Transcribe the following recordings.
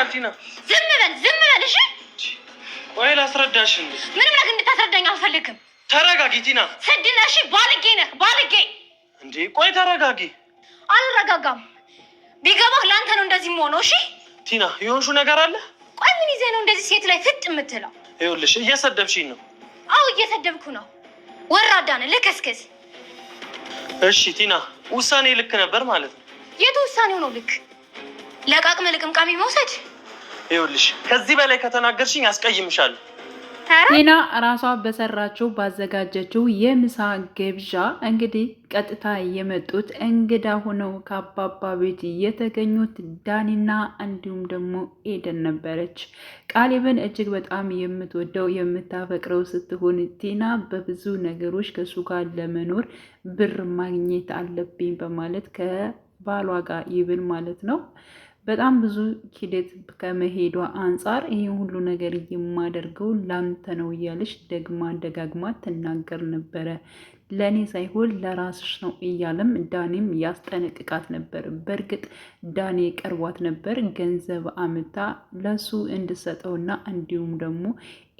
ይሻልሻል ቲና። ዝም በል ዝም በል እሺ። ቆይ ላስረዳሽ። ምንም ነገር እንድታስረዳኝ አልፈልግም። ተረጋጊ ቲና። ስድ ነህ እሺ፣ ባልጌ ነህ ባልጌ። እንዴ ቆይ ተረጋጊ። አልረጋጋም። ቢገባህ ለአንተ ነው እንደዚህ መሆነው። እሺ ቲና፣ የሆንሹ ነገር አለ። ቆይ ምን ይዘህ ነው እንደዚህ ሴት ላይ ፍጥ የምትለው? ይኸውልሽ እየሰደብሽኝ ነው። አዎ እየሰደብኩ ነው። ወራዳ ነህ፣ ልክስክስ። እሺ ቲና፣ ውሳኔ ልክ ነበር ማለት ነው። የቱ ውሳኔው ነው ልክ? ለቃቅመ ልቅምቃሚ መውሰድ ይኸውልሽ ከዚህ በላይ ከተናገርሽኝ አስቀይምሻለሁ። ቴና ራሷ በሰራችው ባዘጋጀችው የምሳ ግብዣ እንግዲህ ቀጥታ የመጡት እንግዳ ሆነው ከአባባ ቤት የተገኙት ዳኒና እንዲሁም ደግሞ ኤደን ነበረች። ቃሊብን እጅግ በጣም የምትወደው የምታፈቅረው ስትሆን ቴና በብዙ ነገሮች ከእሱ ጋር ለመኖር ብር ማግኘት አለብኝ በማለት ከባሏ ጋር ይብል ማለት ነው በጣም ብዙ ኪደት ከመሄዷ አንጻር ይህ ሁሉ ነገር የማደርገው ላንተ ነው እያለች ደግማ ደጋግማ ትናገር ነበረ። ለእኔ ሳይሆን ለራስሽ ነው እያለም ዳኔም ያስጠነቅቃት ነበር። በእርግጥ ዳኔ ቀርቧት ነበር ገንዘብ አምታ ለሱ እንድሰጠውና እንዲሁም ደግሞ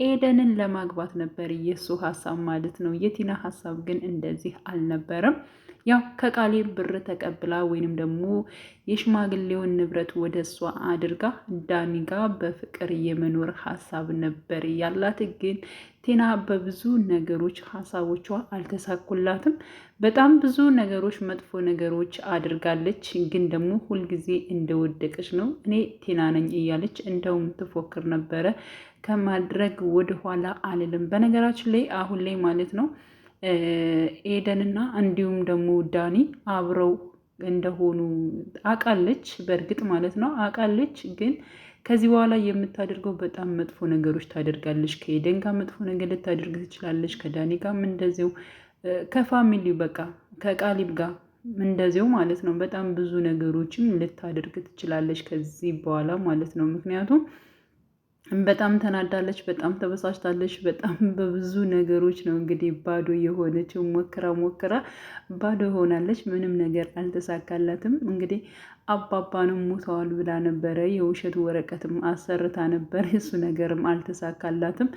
ኤደንን ለማግባት ነበር የእሱ ሀሳብ ማለት ነው። የቲና ሀሳብ ግን እንደዚህ አልነበረም። ያው ከቃሌ ብር ተቀብላ ወይንም ደግሞ የሽማግሌውን ንብረት ወደ እሷ አድርጋ ዳኒ ጋ በፍቅር የመኖር ሀሳብ ነበር ያላት። ግን ቴና በብዙ ነገሮች ሀሳቦቿ አልተሳኩላትም። በጣም ብዙ ነገሮች፣ መጥፎ ነገሮች አድርጋለች። ግን ደግሞ ሁልጊዜ እንደወደቀች ነው እኔ ቴና ነኝ እያለች እንደውም ትፎክር ነበረ። ከማድረግ ወደኋላ አልልም። በነገራችን ላይ አሁን ላይ ማለት ነው ኤደንና እንዲሁም ደግሞ ዳኒ አብረው እንደሆኑ አውቃለች። በእርግጥ ማለት ነው አውቃለች። ግን ከዚህ በኋላ የምታደርገው በጣም መጥፎ ነገሮች ታደርጋለች። ከኤደን ጋር መጥፎ ነገር ልታደርግ ትችላለች። ከዳኒ ጋርም እንደዚው፣ ከፋሚሊው በቃ ከቃሊብ ጋር እንደዚው ማለት ነው። በጣም ብዙ ነገሮችም ልታደርግ ትችላለች ከዚህ በኋላ ማለት ነው ምክንያቱም በጣም ተናዳለች፣ በጣም ተበሳጭታለች። በጣም በብዙ ነገሮች ነው እንግዲህ ባዶ የሆነችው። ሞክራ ሞክራ ባዶ ሆናለች። ምንም ነገር አልተሳካላትም። እንግዲህ አባባንም ሙተዋል ብላ ነበረ። የውሸት ወረቀትም አሰርታ ነበር። እሱ ነገርም አልተሳካላትም።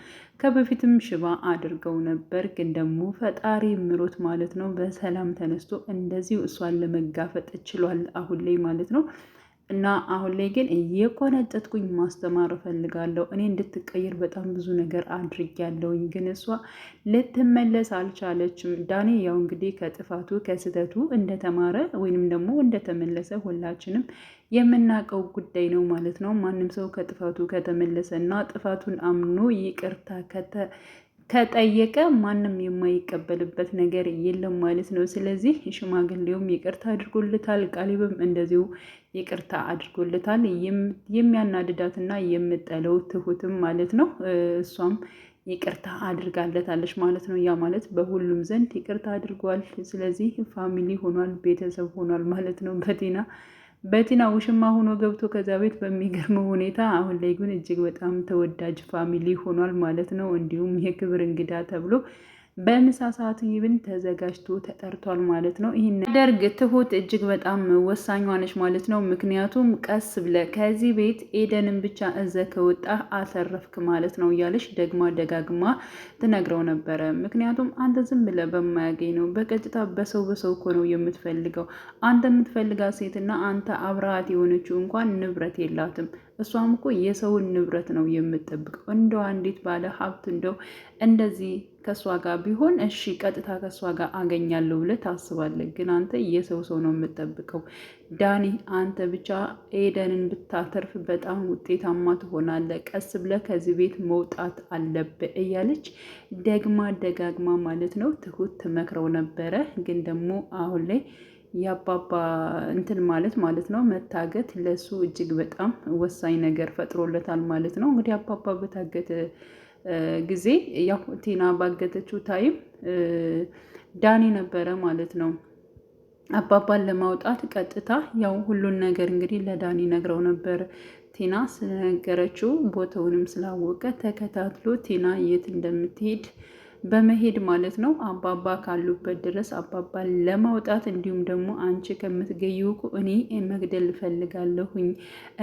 ከበፊትም ሽባ አድርገው ነበር፣ ግን ደግሞ ፈጣሪ ምሮት ማለት ነው በሰላም ተነስቶ እንደዚሁ እሷን ለመጋፈጥ ችሏል አሁን ላይ ማለት ነው። እና አሁን ላይ ግን እየቆነጠጥኩኝ ማስተማር እፈልጋለሁ። እኔ እንድትቀይር በጣም ብዙ ነገር አድርጊያለሁኝ፣ ግን እሷ ልትመለስ አልቻለችም። ዳኔ ያው እንግዲህ ከጥፋቱ ከስህተቱ እንደተማረ ወይንም ደግሞ እንደተመለሰ ሁላችንም የምናውቀው ጉዳይ ነው ማለት ነው። ማንም ሰው ከጥፋቱ ከተመለሰ እና ጥፋቱን አምኖ ይቅርታ ከጠየቀ ማንም የማይቀበልበት ነገር የለም ማለት ነው። ስለዚህ ሽማግሌውም ይቅርታ አድርጎለታል፣ ቃሊብም እንደዚሁ ይቅርታ አድርጎለታል። የሚያናድዳትና የምጠለው ትሁትም ማለት ነው እሷም ይቅርታ አድርጋለታለች ማለት ነው። ያ ማለት በሁሉም ዘንድ ይቅርታ አድርጓል። ስለዚህ ፋሚሊ ሆኗል፣ ቤተሰብ ሆኗል ማለት ነው በቴና በቲና ውሽማ ሆኖ ገብቶ ከዛ ቤት በሚገርም ሁኔታ አሁን ላይ ግን እጅግ በጣም ተወዳጅ ፋሚሊ ሆኗል ማለት ነው። እንዲሁም የክብር እንግዳ ተብሎ በምሳ ሰዓት ይብን ተዘጋጅቶ ተጠርቷል ማለት ነው። ይህን ደርግ ትሁት እጅግ በጣም ወሳኝ ነች ማለት ነው። ምክንያቱም ቀስ ብለ ከዚህ ቤት ኤደንን ብቻ እዘ ከወጣ አተረፍክ ማለት ነው እያለች ደግማ ደጋግማ ትነግረው ነበረ። ምክንያቱም አንተ ዝም ብለ በማያገኝ ነው በቀጥታ በሰው በሰው እኮ ነው የምትፈልገው። አንተ የምትፈልጋት ሴትና አንተ አብረሃት የሆነችው እንኳን ንብረት የላትም እሷም እኮ የሰውን ንብረት ነው የምጠብቀው። እንደው አንዲት ባለ ሀብት እንደው እንደዚህ ከእሷ ጋር ቢሆን እሺ፣ ቀጥታ ከእሷ ጋር አገኛለሁ ብለህ ታስባለህ። ግን አንተ የሰው ሰው ነው የምጠብቀው። ዳኒ፣ አንተ ብቻ ኤደንን ብታተርፍ በጣም ውጤታማ ትሆናለህ። ቀስ ብለህ ከዚህ ቤት መውጣት አለብህ እያለች ደግማ ደጋግማ ማለት ነው ትሁት ትመክረው ነበረ። ግን ደግሞ አሁን ላይ የአባባ እንትን ማለት ማለት ነው መታገት ለሱ እጅግ በጣም ወሳኝ ነገር ፈጥሮለታል ማለት ነው። እንግዲህ አባባ በታገተ ጊዜ ያው ባገተችው ታይም ዳኒ ነበረ ማለት ነው አባባን ለማውጣት ቀጥታ ያው ሁሉን ነገር እንግዲህ ለዳኒ ነግረው ነበር። ቴና ስለነገረችው ቦታውንም ስላወቀ ተከታትሎ ቲና የት እንደምትሄድ በመሄድ ማለት ነው አባባ ካሉበት ድረስ አባባ ለማውጣት እንዲሁም ደግሞ አንቺ ውቁ እኔ መግደል እፈልጋለሁኝ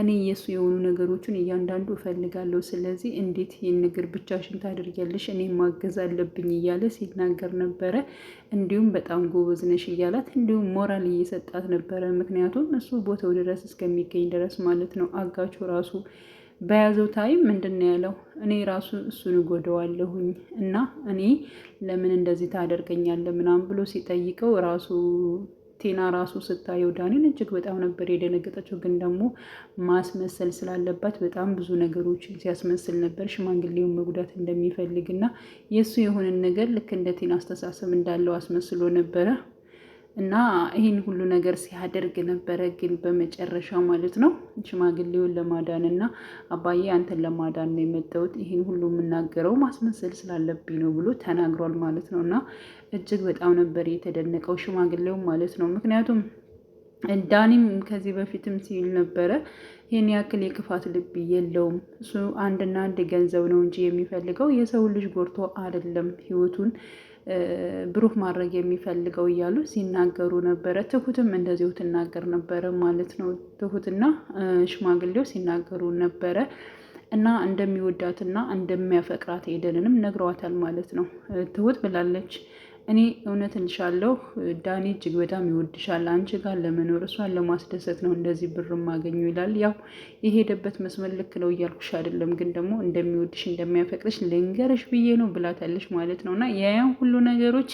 እኔ የእሱ የሆኑ ነገሮችን እያንዳንዱ እፈልጋለሁ። ስለዚህ እንዴት ይህን ነገር ብቻሽን ታደርጊያለሽ? እኔ ማገዝ አለብኝ እያለ ሲናገር ነበረ። እንዲሁም በጣም ጎበዝ ነሽ እያላት እንዲሁም ሞራል እየሰጣት ነበረ። ምክንያቱም እሱ ቦታው ድረስ እስከሚገኝ ድረስ ማለት ነው አጋቹ ራሱ በያዘው ታይም ምንድን ነው ያለው? እኔ ራሱ እሱን እጎደዋለሁኝ እና እኔ ለምን እንደዚህ ታደርገኛለህ ምናምን ብሎ ሲጠይቀው ራሱ ቴና ራሱ ስታየው ዳኒን እጅግ በጣም ነበር የደነገጠችው። ግን ደግሞ ማስመሰል ስላለባት በጣም ብዙ ነገሮችን ሲያስመስል ነበር። ሽማግሌውን መጉዳት እንደሚፈልግ እና የእሱ የሆነን ነገር ልክ እንደ ቴና አስተሳሰብ እንዳለው አስመስሎ ነበረ። እና ይህን ሁሉ ነገር ሲያደርግ ነበረ። ግን በመጨረሻ ማለት ነው ሽማግሌውን ለማዳን እና አባዬ አንተን ለማዳን ነው የመጣሁት ይህን ሁሉ የምናገረው ማስመሰል ስላለብኝ ነው ብሎ ተናግሯል ማለት ነው። እና እጅግ በጣም ነበር የተደነቀው ሽማግሌው ማለት ነው። ምክንያቱም ዳኒም ከዚህ በፊትም ሲል ነበረ ይህን ያክል የክፋት ልብ የለውም። እሱ አንድና አንድ ገንዘብ ነው እንጂ የሚፈልገው የሰው ልጅ ጎርቶ አይደለም ህይወቱን ብሩህ ማድረግ የሚፈልገው እያሉ ሲናገሩ ነበረ። ትሁትም እንደዚሁ ትናገር ነበረ ማለት ነው። ትሁትና ሽማግሌው ሲናገሩ ነበረ እና እንደሚወዳትና እንደሚያፈቅራት ኤደንንም ነግረዋታል ማለት ነው። ትሁት ብላለች እኔ እውነት እልሻለሁ ዳኒ እጅግ በጣም ይወድሻል። አንቺ ጋር ለመኖር እሷን ለማስደሰት ነው እንደዚህ ብር ማገኙ ይላል። ያው የሄደበት መስመር ልክ ነው እያልኩሽ አይደለም፣ ግን ደግሞ እንደሚወድሽ እንደሚያፈቅርሽ ልንገርሽ ብዬ ነው ብላታለሽ ማለት ነው። እና ያን ሁሉ ነገሮች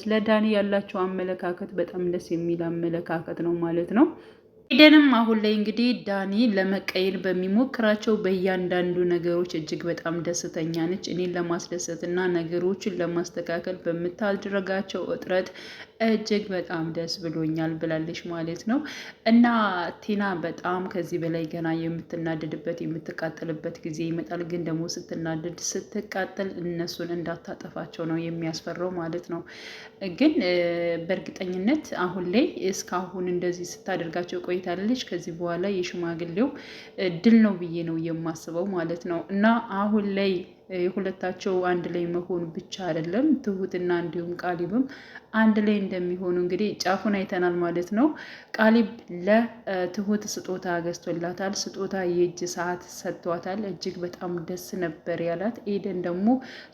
ስለ ዳኒ ያላቸው አመለካከት በጣም ደስ የሚል አመለካከት ነው ማለት ነው። ኤደንም አሁን ላይ እንግዲህ ዳኒ ለመቀየር በሚሞክራቸው በእያንዳንዱ ነገሮች እጅግ በጣም ደስተኛ ነች። እኔን ለማስደሰት እና ነገሮችን ለማስተካከል በምታደረጋቸው እጥረት እጅግ በጣም ደስ ብሎኛል ብላለች ማለት ነው። እና ቲና በጣም ከዚህ በላይ ገና የምትናደድበት የምትቃጠልበት ጊዜ ይመጣል። ግን ደግሞ ስትናደድ ስትቃጠል እነሱን እንዳታጠፋቸው ነው የሚያስፈራው ማለት ነው። ግን በእርግጠኝነት አሁን ላይ እስካሁን እንደዚህ ስታደርጋቸው ቆይታለች። ከዚህ በኋላ የሽማግሌው ድል ነው ብዬ ነው የማስበው ማለት ነው እና አሁን ላይ የሁለታቸው አንድ ላይ መሆን ብቻ አይደለም፣ ትሁትና እንዲሁም ቃሊብም አንድ ላይ እንደሚሆኑ እንግዲህ ጫፉን አይተናል ማለት ነው። ቃሊብ ለትሁት ስጦታ ገዝቶላታል። ስጦታ የእጅ ሰዓት ሰጥቷታል። እጅግ በጣም ደስ ነበር ያላት። ኤደን ደግሞ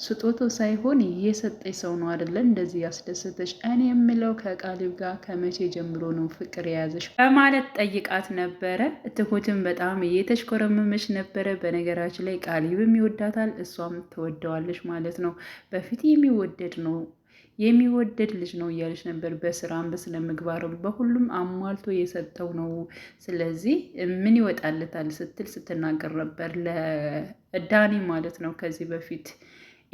ስጦታ ሳይሆን የሰጠች ሰው ነው አይደለ እንደዚህ ያስደሰተች። እኔ የምለው ከቃሊብ ጋር ከመቼ ጀምሮ ነው ፍቅር የያዘች በማለት ጠይቃት ነበረ። ትሁትም በጣም እየተሽኮረመመች ነበረ። በነገራችን ላይ ቃሊብም ይወዳታል እሷ እሷም ትወደዋለች ማለት ነው። በፊት የሚወደድ ነው የሚወደድ ልጅ ነው እያለች ነበር። በስራም በስነ ምግባርም በሁሉም አሟልቶ የሰጠው ነው። ስለዚህ ምን ይወጣለታል ስትል ስትናገር ነበር ለዳኒ ማለት ነው። ከዚህ በፊት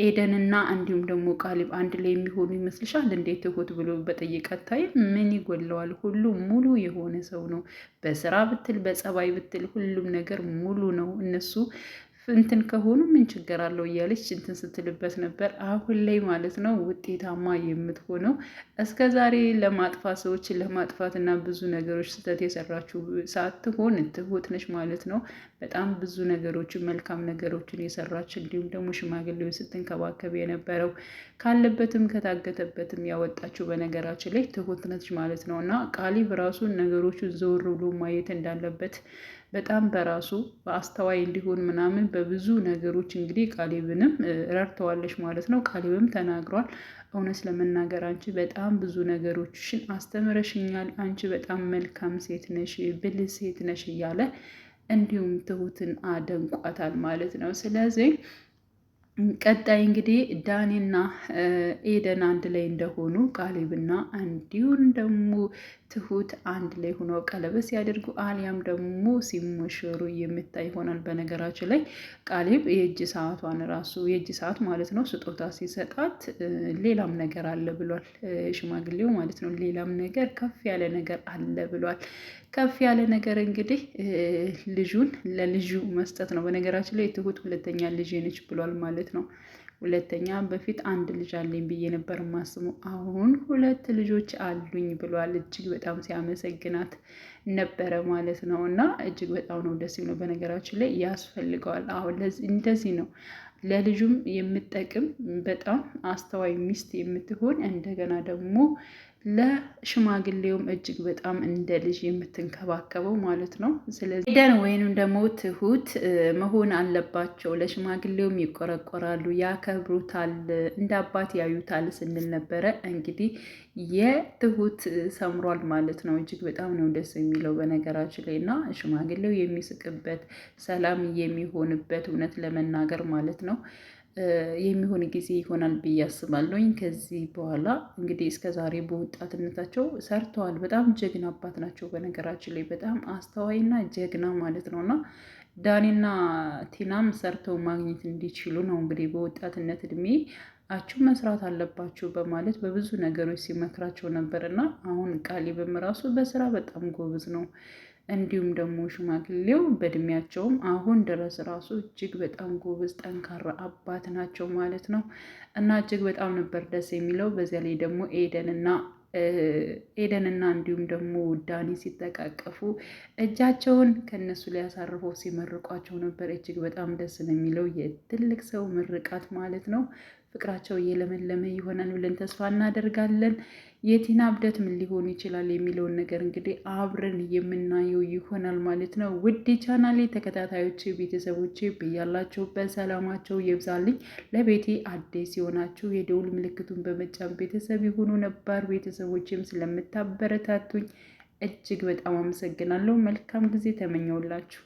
ኤደንና እንዲሁም ደግሞ ቃሊብ አንድ ላይ የሚሆኑ ይመስልሻል እንዴት ትሁት ብሎ በጠየቃት ታይ ምን ይጎለዋል? ሁሉ ሙሉ የሆነ ሰው ነው። በስራ ብትል በጸባይ ብትል ሁሉም ነገር ሙሉ ነው። እነሱ እንትን ከሆኑ ምን ችግር አለው እያለች እንትን ስትልበት ነበር። አሁን ላይ ማለት ነው ውጤታማ የምትሆነው እስከ ዛሬ ለማጥፋት ሰዎች ለማጥፋት እና ብዙ ነገሮች ስህተት የሰራችው ሳትሆን ትሁት ነች ማለት ነው። በጣም ብዙ ነገሮችን መልካም ነገሮችን የሰራች እንዲሁም ደግሞ ሽማግሌውን ስትንከባከብ የነበረው ካለበትም ከታገተበትም ያወጣችው በነገራችን ላይ ትሁት ነች ማለት ነው እና ቃሊብ ራሱን ነገሮቹ ዘወር ብሎ ማየት እንዳለበት በጣም በራሱ አስተዋይ እንዲሆን ምናምን በብዙ ነገሮች እንግዲህ ቃሊብንም ረድተዋለች ማለት ነው። ቃሊብም ተናግሯል። እውነት ለመናገር አንቺ በጣም ብዙ ነገሮችሽን አስተምረሽኛል። አንቺ በጣም መልካም ሴት ነሽ፣ ብልህ ሴት ነሽ እያለ እንዲሁም ትሁትን አደንቋታል ማለት ነው። ስለዚህ ቀጣይ እንግዲህ ዳኒና ኤደን አንድ ላይ እንደሆኑ ቃሊብና እንዲሁም ደግሞ ትሁት አንድ ላይ ሆኖ ቀለበት ሲያደርጉ አሊያም ደግሞ ሲሞሸሩ የምታይ ይሆናል። በነገራችን ላይ ቃሊብ የእጅ ሰዓቷን ራሱ የእጅ ሰዓት ማለት ነው ስጦታ ሲሰጣት ሌላም ነገር አለ ብሏል፣ ሽማግሌው ማለት ነው። ሌላም ነገር ከፍ ያለ ነገር አለ ብሏል። ከፍ ያለ ነገር እንግዲህ ልጁን ለልጁ መስጠት ነው። በነገራችን ላይ ትሁት ሁለተኛ ልጅ ነች ብሏል ማለት ነው። ሁለተኛ በፊት አንድ ልጅ አለኝ ብዬ ነበር ማስሙ አሁን ሁለት ልጆች አሉኝ ብሏል። እጅግ በጣም ሲያመሰግናት ነበረ ማለት ነው። እና እጅግ በጣም ነው ደስ የሚለው። በነገራችን ላይ ያስፈልገዋል። አሁን እንደዚህ ነው ለልጁም የምጠቅም በጣም አስተዋይ ሚስት የምትሆን እንደገና ደግሞ ለሽማግሌውም እጅግ በጣም እንደ ልጅ የምትንከባከበው ማለት ነው። ስለዚህ ደን ወይንም ደግሞ ትሁት መሆን አለባቸው። ለሽማግሌውም ይቆረቆራሉ፣ ያከብሩታል፣ እንደ አባት ያዩታል ስንል ነበረ። እንግዲህ የትሁት ሰምሯል ማለት ነው። እጅግ በጣም ነው ደስ የሚለው በነገራችን ላይ እና ሽማግሌው የሚስቅበት ሰላም የሚሆንበት እውነት ለመናገር ማለት ነው የሚሆን ጊዜ ይሆናል ብዬ አስባለሁኝ። ከዚህ በኋላ እንግዲህ እስከ ዛሬ በወጣትነታቸው ሰርተዋል። በጣም ጀግና አባት ናቸው። በነገራችን ላይ በጣም አስተዋይና ጀግና ማለት ነው እና ዳኒና ቲናም ሰርተው ማግኘት እንዲችሉ ነው እንግዲህ በወጣትነት እድሜ አችሁ መስራት አለባችሁ በማለት በብዙ ነገሮች ሲመክራቸው ነበር እና አሁን ቃሊብም ራሱ በስራ በጣም ጎብዝ ነው። እንዲሁም ደግሞ ሽማግሌው በእድሜያቸውም አሁን ድረስ ራሱ እጅግ በጣም ጎበዝ ጠንካራ አባት ናቸው ማለት ነው። እና እጅግ በጣም ነበር ደስ የሚለው። በዚያ ላይ ደግሞ ኤደንና ኤደንና እንዲሁም ደግሞ ዳኒ ሲጠቃቀፉ እጃቸውን ከነሱ ላይ አሳርፈው ሲመርቋቸው ነበር። እጅግ በጣም ደስ ነው የሚለው የትልቅ ሰው ምርቃት ማለት ነው። ፍቅራቸው እየለመለመ ይሆናል ብለን ተስፋ እናደርጋለን። የቲና እብደት ምን ሊሆን ይችላል የሚለውን ነገር እንግዲህ አብረን የምናየው ይሆናል ማለት ነው። ውድ ቻናሌ ተከታታዮች ቤተሰቦች ብያላችሁበት ሰላማቸው ይብዛልኝ። ለቤቴ አዲስ ሲሆናችሁ የደውል ምልክቱን በመጫን ቤተሰብ የሆኑ ነባር ቤተሰቦችም ስለምታበረታቱኝ እጅግ በጣም አመሰግናለሁ። መልካም ጊዜ ተመኘውላችሁ።